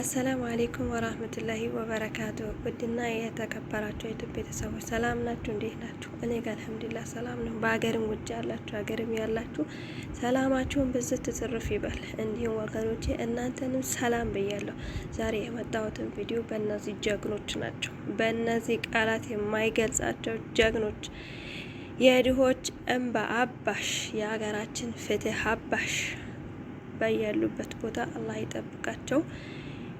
አሰላሙ አሌይኩም ወራህመቱላሂ ወበረካቱ። ውድና የተከበራችሁ የኢትዮጵያ ቤተሰቦች ሰላም ናችሁ? እንዴት ናችሁ? እኔ ጋር አልሐምዱሊላህ ሰላም ነው። በሀገርም ውጭ ያላችሁ ሀገርም ያላችሁ ሰላማችሁን ብዝት ትርፍ ይበል። እንዲሁም ወገኖቼ እናንተንም ሰላም ብያለሁ። ዛሬ የመጣሁትን ቪዲዮ በእነዚህ ጀግኖች ናቸው፣ በእነዚህ ቃላት የማይገልጻቸው ጀግኖች የድሆች እንባ አባሽ፣ የሀገራችን ፍትህ አባሽ በያሉበት ቦታ አላህ ይጠብቃቸው።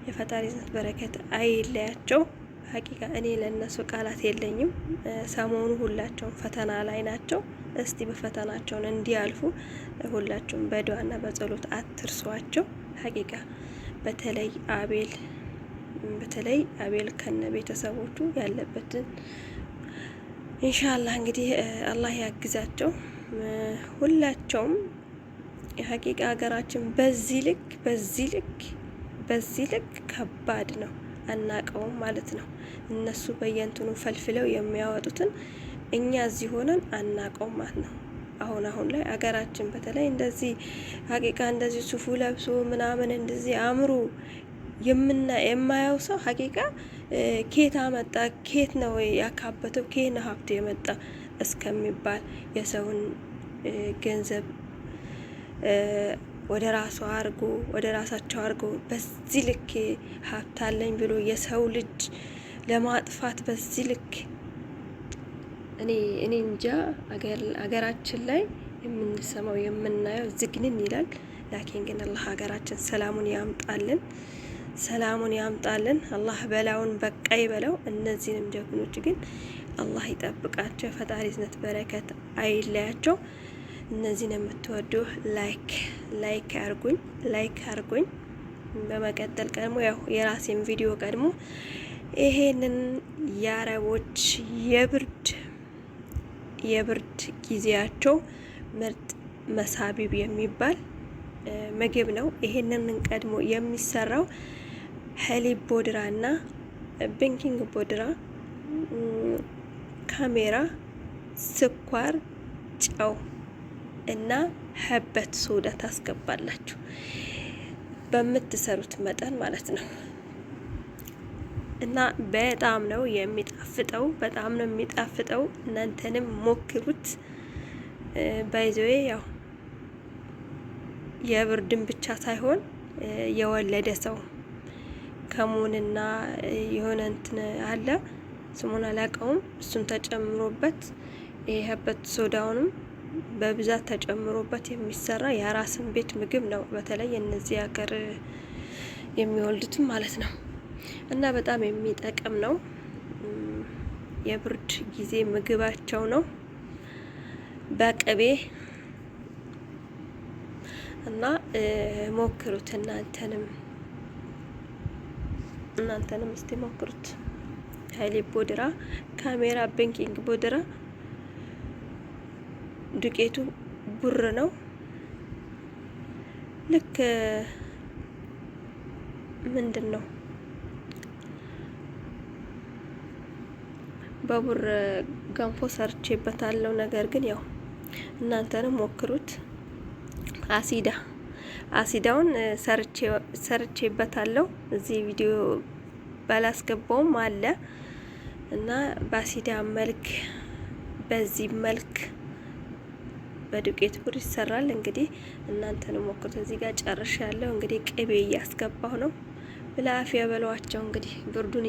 የፈጣሪ ዘት በረከት አይለያቸው። ሀቂቃ እኔ ለእነሱ ቃላት የለኝም። ሰሞኑ ሁላቸውም ፈተና ላይ ናቸው። እስቲ በፈተናቸውን እንዲያልፉ ሁላቸውም በድዋና በጸሎት አትርሷቸው። ሀቂቃ በተለይ አቤል በተለይ አቤል ከነ ቤተሰቦቹ ያለበትን እንሻላ እንግዲህ አላህ ያግዛቸው ሁላቸውም። ሀቂቃ ሀገራችን በዚህ ልክ በዚህ ልክ በዚህ ልክ ከባድ ነው። አናቀውም ማለት ነው። እነሱ በየንትኑ ፈልፍለው የሚያወጡትን እኛ እዚህ ሆነን አናቀውም ማለት ነው። አሁን አሁን ላይ አገራችን በተለይ እንደዚህ ሀቂቃ እንደዚህ ሱፉ ለብሶ ምናምን እንደዚህ አምሮ የምና የማየው ሰው ሀቂቃ ኬት አመጣ ኬት ነው ያካበተው ኬት ነው ሀብት የመጣ እስከሚባል የሰውን ገንዘብ ወደ ራሱ አርጎ ወደ ራሳቸው አርጎ በዚህ ልክ ሀብታለኝ ብሎ የሰው ልጅ ለማጥፋት በዚህ ልክ እኔ እኔ እንጃ አገራችን ላይ የምንሰማው የምናየው ዝግንን ይላል። ላኪን ግን አላህ ሀገራችን ሰላሙን ያምጣልን፣ ሰላሙን ያምጣልን። አላህ በላውን በቃ ይበለው። እነዚህንም ጀግኖች ግን አላህ ይጠብቃቸው። የፈጣሪ ዝነት በረከት አይለያቸው። እነዚህን የምትወዱ ላይክ ላይክ አርጉኝ፣ ላይክ አርጉኝ። በመቀጠል ቀድሞ ያው የራሴን ቪዲዮ ቀድሞ ይሄንን የአረቦች የብርድ የብርድ ጊዜያቸው ምርጥ መሳቢብ የሚባል ምግብ ነው። ይሄንን ቀድሞ የሚሰራው ሀሊብ ቦድራ እና ቤኪንግ ቦድራ፣ ካሜራ፣ ስኳር፣ ጨው እና ህበት ሶዳ ታስገባላችሁ በምትሰሩት መጠን ማለት ነው። እና በጣም ነው የሚጣፍጠው፣ በጣም ነው የሚጣፍጠው። እናንተንም ሞክሩት። ባይዘዌ ያው የብርድን ብቻ ሳይሆን የወለደ ሰው ከሙንና የሆነ እንትን አለ ስሙን አላውቀውም። እሱም ተጨምሮበት የሀበት ሶዳውንም በብዛት ተጨምሮበት የሚሰራ የራስን ቤት ምግብ ነው። በተለይ እነዚህ ሀገር የሚወልዱትም ማለት ነው እና በጣም የሚጠቅም ነው። የብርድ ጊዜ ምግባቸው ነው በቅቤ እና ሞክሩት። እናንተንም እናንተንም እስቲ ሞክሩት። ሀይሌ ቦድራ ካሜራ ቤንኪንግ ቦድራ ዱቄቱ ቡር ነው። ልክ ምንድን ነው በቡር ገንፎ ሰርቼበታለሁ። ነገር ግን ያው እናንተንም ሞክሩት። አሲዳ አሲዳውን ሰርቼበታለሁ። እዚህ ቪዲዮ ባላስገባውም አለ እና በአሲዳ መልክ በዚህ መልክ በዱቄት ቡር ይሰራል። እንግዲህ እናንተ ነው ሞክሩት። እዚህ ጋር ጨርሻ ያለው እንግዲህ ቅቤ እያስገባሁ ነው። ብላፊ ያበሏቸው እንግዲህ ብርዱን